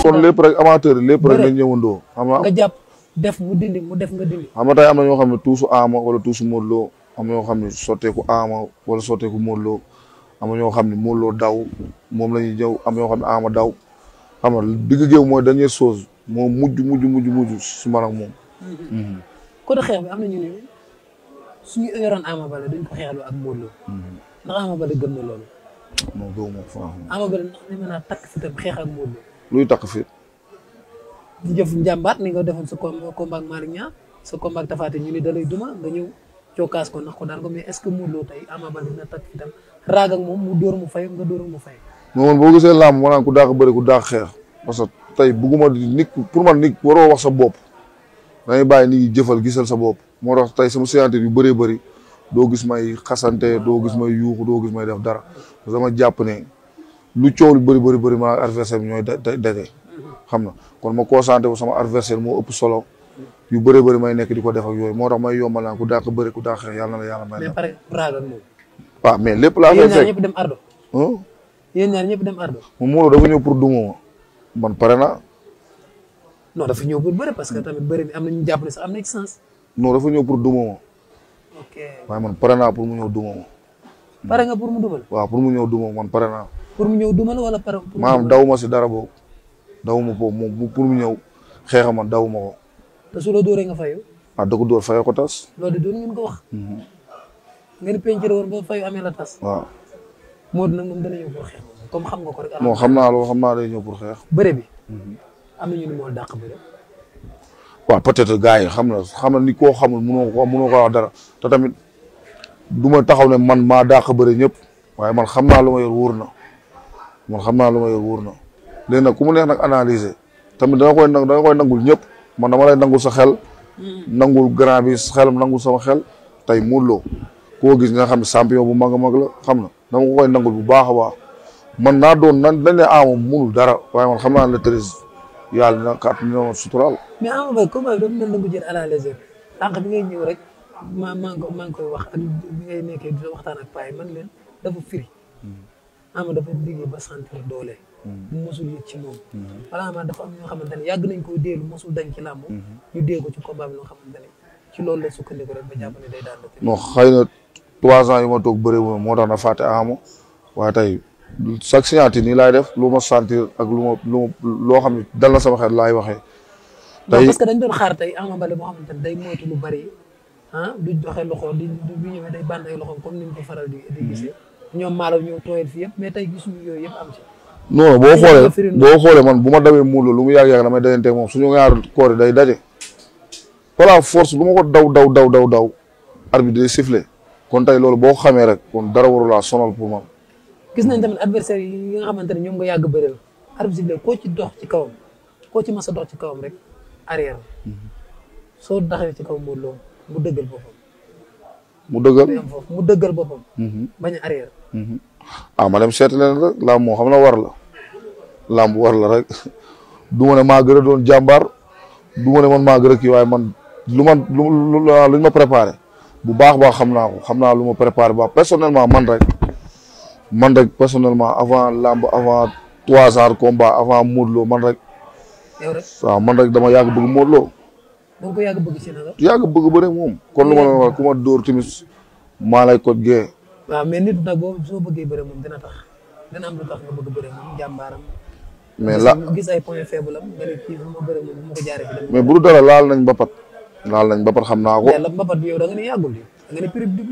kon lépp rek amateur yi lépp rek dañ ñëwandoo. xam nga def mu dindi mu def nga dindi. xam nga tey am na ñoo xam ne tuusu Ama wala tuusu Modou Lo am na xam ne sotteeku Ama wala sotteeku Modou Lo am na ñoo xam ne Modou Lo daw moom la ñuy ñëw am na xam ne Ama daw. xam nga digg géew mooy dernière chose moo mujj mujj mujj mujj su ma moom. côté mhm. xeex bi am na ñu ne suñu yoroon Ama Baldé dañ ko xeexloo ak Modou mhm. ndax Ama Baldé gëm na loolu. non gëw ma ko fa. Ama Baldé ndax takk fi tam xeex ak Modou Lô. luy takk fi. di jëf njàmbaat ni nga defoon sa combat ak Malick Niang sa combat ak ñu ne da lay duma nga ñëw cokkaas ko nax ko daan ko mais est-ce que Modou Lô tey Ama Baldé dina takk fi tam ak moom mu dóor mu fay nga dóor mu fay. mais man boo gisee làmb ma naan ku daax bëri ku daax xeex parce que tey bugguma nit pour ma nit waroo wax sa bopp dangay bàyyi nit ñi jëfal gisal sa bopp moo tax tey sama séantir yu bëree bëri doo gis may xasante doo gis may yuuxu doo gis may def dara parce jàpp ne lu coow lu bëri bëri bëri ma adversaire bi ñooy daje xam na kon ma concentré wu sama adversaire moo ëpp solo yu bëree bëri may nekk di ko def yooyu moo tax may yombal naa ku dàq bëri ku dàq xeex yàlla na la yàlla may. mais pare ah, lépp laa ardo yéen ñaar ñëpp dem ardo moom Modou dafa ñëw pour duma ma man pare na non dafa ñëw pour bëri parce que tamit bëri bi am na ñu jàpp sax am na sens. non dafa ñëw pour duma ma. ok waaye man pare naa pour mu ñëw duma ma. pare nga pour mu dumal. pour mu ñëw duma man pare na pour mu ñëw dumal wala pare. maanaam daw ma si dara boobu. daw ma boobu mu ñëw xeexa man daw ma ko. te su la nga fayu. ah da ko dóor fayoo tas. loolu de dóor ngeen ko wax. Mhm. nga ni penc woon ba fayu amee la tas. moo nag moom dana comme xam nga ko moo xam naa loo xam naa day ñëw pour xeex. bëre bi. Mhm. am na ñu ne moo peut-être gars yi xam na xam na ni koo xamul mënoo ko mënoo ko dara te tamit du ma taxaw ne man maa dàq bëre ñëpp waaye man xam naa lu ma yor wóor na man xam naa lu ma yor na léegi nag ku mu neex nag analyser tamit da nga koy da nangul ñëpp man dama lay nangul sa xel. Mhm. nangul grand bi xelam nangul sama xel tey Modou Lo koo gis nga xam ne champion bu mag a mag la xam na dama ko koy bu baax a baax man naa doon nan dañ ne Ama munul dara waaye man xam naa ne le treize yàlla na kàtt na ma suturaal. mais Ama Mbaye combat bi dafa ko jël bi ngay ñëw rek maa maa ngi ko wax ak ngay nekkee di waxtaan ak paa yi man leen dafa firi. Hmm. Ama dafa liggéey ba sentir doole. Hmm. mosul yëg ci moom. Hmm. wala ma dafa am ñoo xamante ne yàgg nañ ko deelu mosul dañ ci làmb. ñu dee ko ci combat bi loo xamante ne ci loolu la sukkandiku rek ba jàpp day daan non xëy trois ans yi ma toog bëri moo tax na fàtte ama waaye tey chaque signature nii laay def lu ma sentir ak lu ma lu loo xam ne dal na sama xel laay waxee. tey parce que dañ doon xaar tey Ama ah, mm-hmm. ñoom am ci. boo xoolee boo xoolee man bu ma dawee muuloo lu mu yàgg yàgg damay dajanteeg moom suñu ñaar koor day daje. par la force lu ma ko daw daw daw daw daw arbitre day kon tey loolu boo xamee rek kon dara warulaa sonal pour man. gis nañ tamit adversaire yi nga xamante ne ñoom nga yàgg bëri la. arbitre bi koo ci dox ci kawam koo ci massa dox ci kawam rek arrière soo daxee ci kaw Modou Lo mu dëggal boppam. mu dëggal mu dëggal boppam. Mhm. bañ a arrière. Mhm. ah ma dem seeti rek làmb moo xam na war la. làmb war la rek du ma ne maa doon jàmbaar du ma ne man maa gën a kii waaye man lu man lu luñ ma bu baax baax xam naa ko xam naa lu ma préparé baax personnellement man rek man rek personnellement avant lamb avant trois heures combat avant Modou man rek. man rek dama yàgg bëgg Modou Lo. donc bëgg si moom. kon lu ma la wax ku ma dóor tamit maa lay ko gee. waaw mais nit mais la gis ay points faibles am dara laal nañ ba pat. laal nañ mbapat xam naa ko. mais la waaw prix dib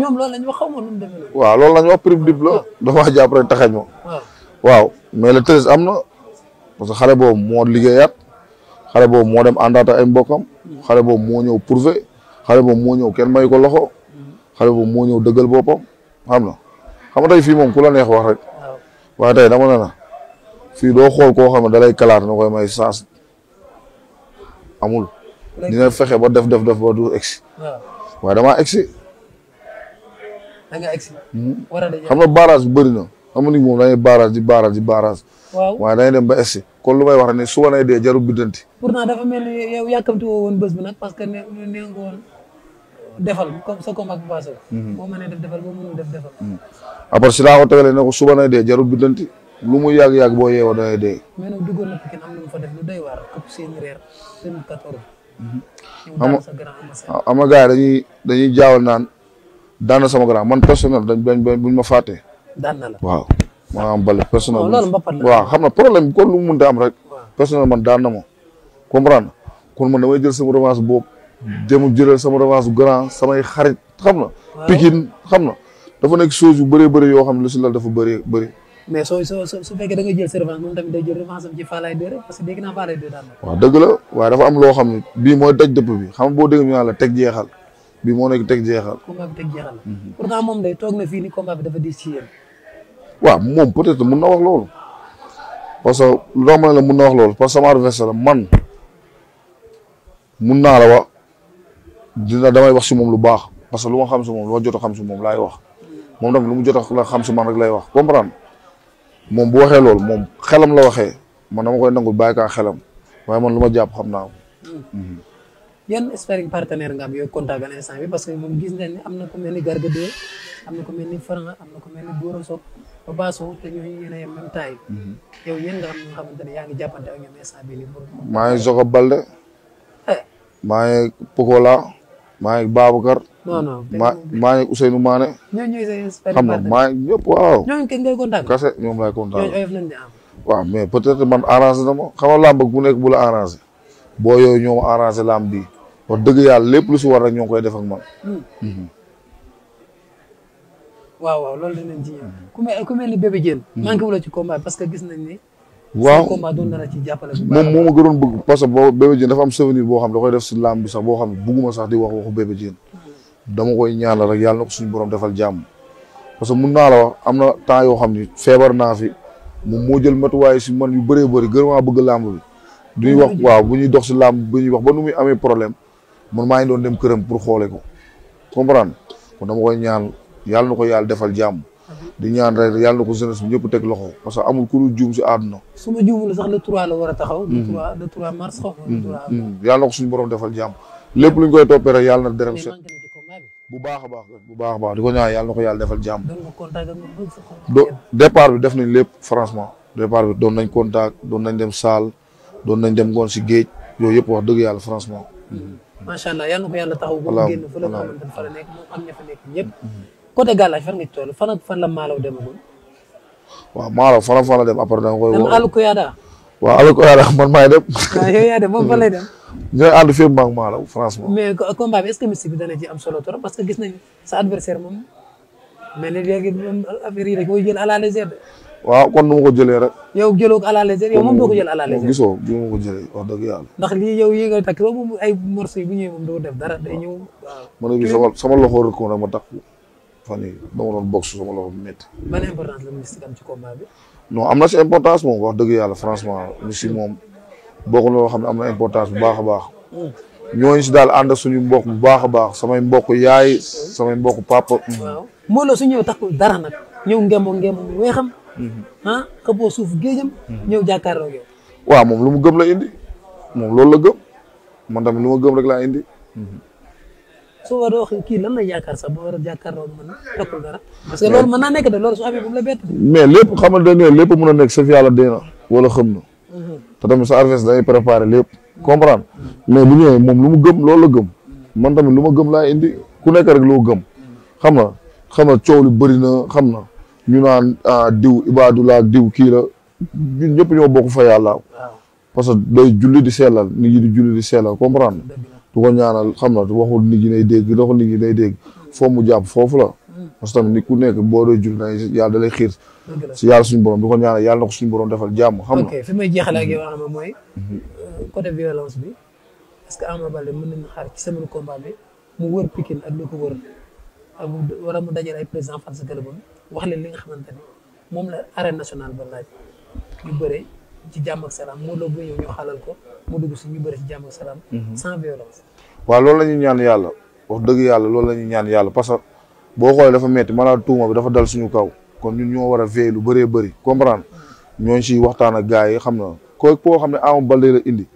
loolu la ñu wax xaw ma la. waaw loolu la ñu wax prix dib la. dafa ma. waaw mais le treize am na parce que xale boobu moo liggéeyaat xale boobu moo dem àndaat ay mbokkam. xale boobu moo ñëw prouvé xale boobu moo ñëw kenn may ko loxo. xale boobu moo ñëw dëggal boppam xam na xam nga tey fii moom ku la neex wax rek. waaye tey dama ne na doo xool koo xam ne da lay kalaat na koy may saas amul. dina fexe ba def def def ba du egsi. waaye damaa egsi. da nga egsi. Hmm? war xam nga na xam moom dañuy barrage di barrage di barrage. waaye dañuy dem ba egsi kon lu may wax ne suba nay dee jarul biddanti. pourtant hmm. hmm. ko tegalee ne ko suba biddanti lu mu yàgg yàgg boo yeewoo da dee. mais nag duggoon na Pikine am na fa def lu doy waar képp seen reer ama ama gars yi dañuy dañuy jaawal naan daan na sama grand man personnel dañ bañ ma fàttee. daan na la waaw. maa am bële personnel. waaw xam na problème ko kon lu mu mënta am rek. personnel man daan na ma. comprendre kon man damay jël sama revanche boobu. jëm jëlal sama revanche grand samay xarit xam na. pikin xam na dafa nekk chose yu bëree bëri yoo xam ne lu si la dafa bëree bëri. mais soo soo su fekkee da nga jël revanche moom tamit day jël revanche am dëgg la waaye dafa am loo xam ne bii mooy daj dëpp bi xam boo dégg ñu naan la teg jeexal bii moo nekk teg jeexal combat bi moom day toog na fii ni combat bi dafa diis ci yéen waaw moom peut-être mun na wax loolu parce lu ma ne la mun wax loolu parce que sama adversaire naa la wax dina damay wax si moom lu baax parce que lu xam si moom lu ma jot xam si moom laay wax moom tamit lu mu jot a xam si man rek lay wax comprendre moom bu waxee loolu moom xelam la waxee man dama koy nangu bàyyi kaa xelam waaye man lu ma jàpp xam naa ko. Hmm. yan sparring partenaire nga am yooyu contact benn instant bi parce que moom gis nañ ne am na ku mel ni Garga 2 am na ku mel ni Franc am na ku mel ni Gora Sock ba Basso te ñooñu yéen a yem même hmm. nga xamante ne yaa ngi jàppante ak ñoom instant bii nii. maa ngi Zoka Balde. Eh. maa ngi Pokola. maa non non maa maa nekk Ousseynou Mané. ñooñu ñooy nga maa ñëpp waaw. ñooñu kenn ngay kontaan. ñoom laay kontaan ah. waaw mais peut-être man arrangé na ma xam nga làmb bu nekk bu la arrangé boo yooyu ñoo ma arrangé làmb bi wax dëgg yàlla lépp lu si war rek ñoo koy def ak man. Hmm. Hmm. waaw waaw loolu danañ ci ñëw ku hmm. nañ ni. waaw combat doon na la ma gënoon bëgg parce boo Bébé Diène dafa am souvenir boo xam da def si làmb bi sax boo xam ne bugguma sax di wax waxu Bébé dama koy la rek yàlla na ko suñu boroom defal jàmm parce que mun naa la wax am na temps yoo xam ni feebar naa fi moom moo jël matuwaay si man yu bëree bëri gën maa bëgg làmb bi. du wax waaw bu ñuy dox si làmb bu ñuy wax ba nu muy amee problème man maa ngi doon dem këram pour xoole ko comprendre kon dama koy ñaan yàlla na ko yàlla defal jàmm. di ñaan rek yàlla ko jeunesse bi ñëpp teg loxo parce que amul ku dul si àdduna. su ma juumul a mm-hmm. mm-hmm. mm-hmm. yàlla ko suñu borom defal jàmm lépp luñ koy toppee rek yàlla na. bu baax a baax bu baax a baax di ko ñaan yàlla na ko yàlla defal jàmm. do départ bi def nañ lépp franchement départ bi doon nañ contact doon nañ dem saal doon nañ dem ngoon si géej yooyu yëpp wax dëgg yàlla franchement. Mm-hmm. macha allah yal na ko yàlla taxaw. wallaaw génn la nga xamante ne fa la nekk moom mm-hmm. nga ci toll fan dem après da nga koy woo. dem àll waaw avec Oya man maay dem. waaw yow yaa dem moom fa dem. ñooy ànd fii mu maa la franchement. mais combat bi est-ce que dana ci am solo trop parce que gis nañu sa adversaire moom mais léegi moom affaire yi rek mooy jël à la légère kon nu ma ko jëlee rek. yow jëloo ko à la légère la gisoo bi ma ko jëlee wax dëgg yàlla. ndax lii yow yi moom ay morceaux yi bu ñëwee moom doo def dara day ñëw. waaw man de sama sama loxo rek ko ma takk. fan yii dama doon box sama loxo bu métti. ban importance la am na si importance moom wax dëgg yàlla franchement si moom bokkul loo xam ne am na importance bu baax a baax. ñooñu si daal ànd suñu mbokk bu baax a baax samay bokk yaay samay mbokk papa. waaw Mawlo su ñëw takkul dara nag ñëw ngemoo ngemoo mu weexam. Mhm. ah xëppoo suuf géejam. Mhm. ñëw jàkkaarloo yow. waaw moom lu mu gëm la indi moom loolu la gëm man tamit lu ma gëm rek laa indi. Mhm. soo ma doon kii lan la yaakaar sax ba war a jàkkaarloo parce que loolu naa nekk de loolu su amee bu mu mais lépp xamal da nga lépp mën a nekk sa fi yàlla dee wala xam na. Mhm. te tamit sa adversaire dañuy préparer lépp. comprendre mais bu ñëwee moom lu mu gëm loolu la gëm. man tamit lu ma gëm laa indi ku nekk rek loo gëm. xam na xam na coow li bëri na xam na ñu naan ah, diw ibaadu laa diw kii la ñun ñëpp ñoo bokk fa yàlla. parce que day julli di seelal nit ñi di julli di sellal comprendre du ko ñaanal xam na waxul nit ñi day dégg doxul nit ñi day mu jàpp foofu la mm. parce que tamit nit ku nekk boo doon jur na yàlla da lay xiir si yàlla suñu borom du ko ñaanal yàlla na ko suñu borom defal jàmm xam na ok fi may jeexal ak yow Ama mm-hmm. euh, bi que Ama Baldé mu wër Pikine ak lu ko wër wala mu dajale ay président fan sa wax leen li nga xamante moom la arène nationale ba laaj bëree ci jàmm ak salaam moo la xalal ko mu dugg si ñu bëri ci jàmm ak salaam. Mhm. sans violence. waaw loolu la ñuy ñaan yàlla wax dëgg yàlla loolu la ñuy ñaan yàlla parce que boo xoolee dafa metti maanaam tuuma bi dafa dal suñu kaw kon ñun ñoo war a veiller lu bëree bëri mhm. ñoo ñooñu siy waxtaan ak gars yi xam na ko koo xam ne Ama Baldé la indi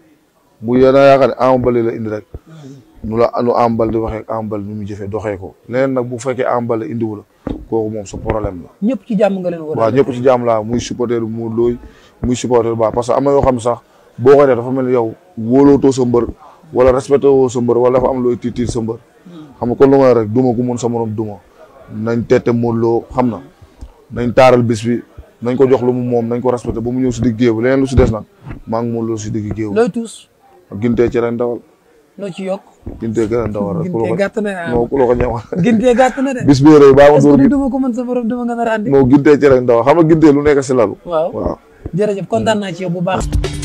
mu yéen a yaakaar ne Ama Baldé la indi rek. Mhm. nu la nu Ama Baldé waxee Ama Baldé mu jëfee doxee ko leneen nag bu fekkee Ama indiwu la kooku moom sa problème la. ñëpp ci jàmm nga a. waaw ñëpp ci jàmm laa muy supporter mu looy muy supporter baax parce que am na yoo xam ne sax boo koy def dafa mel ni yow wóolootoo sa mbër wala woo sa mbër wala am looy tiit tiit sa hmm. xam nga kon lu ma rek duma gu loo xam na nañ taaral bis bi nañ ko jox lu mu moom nañ ko respecté ba mu ñëw si digg géew leneen lu si des nag maa ngi mën loo digg géew. looy tuus. gintee ci ren noo ci yokk. ginte gën a war a ginte gàtt na de ginte gàtt de. bis bu yore ba ma ko mën sa a andi. moo ginte ci rek ndaw xam nga ginte lu nekk si lalu. waaw kontaan naa ci yow bu baax.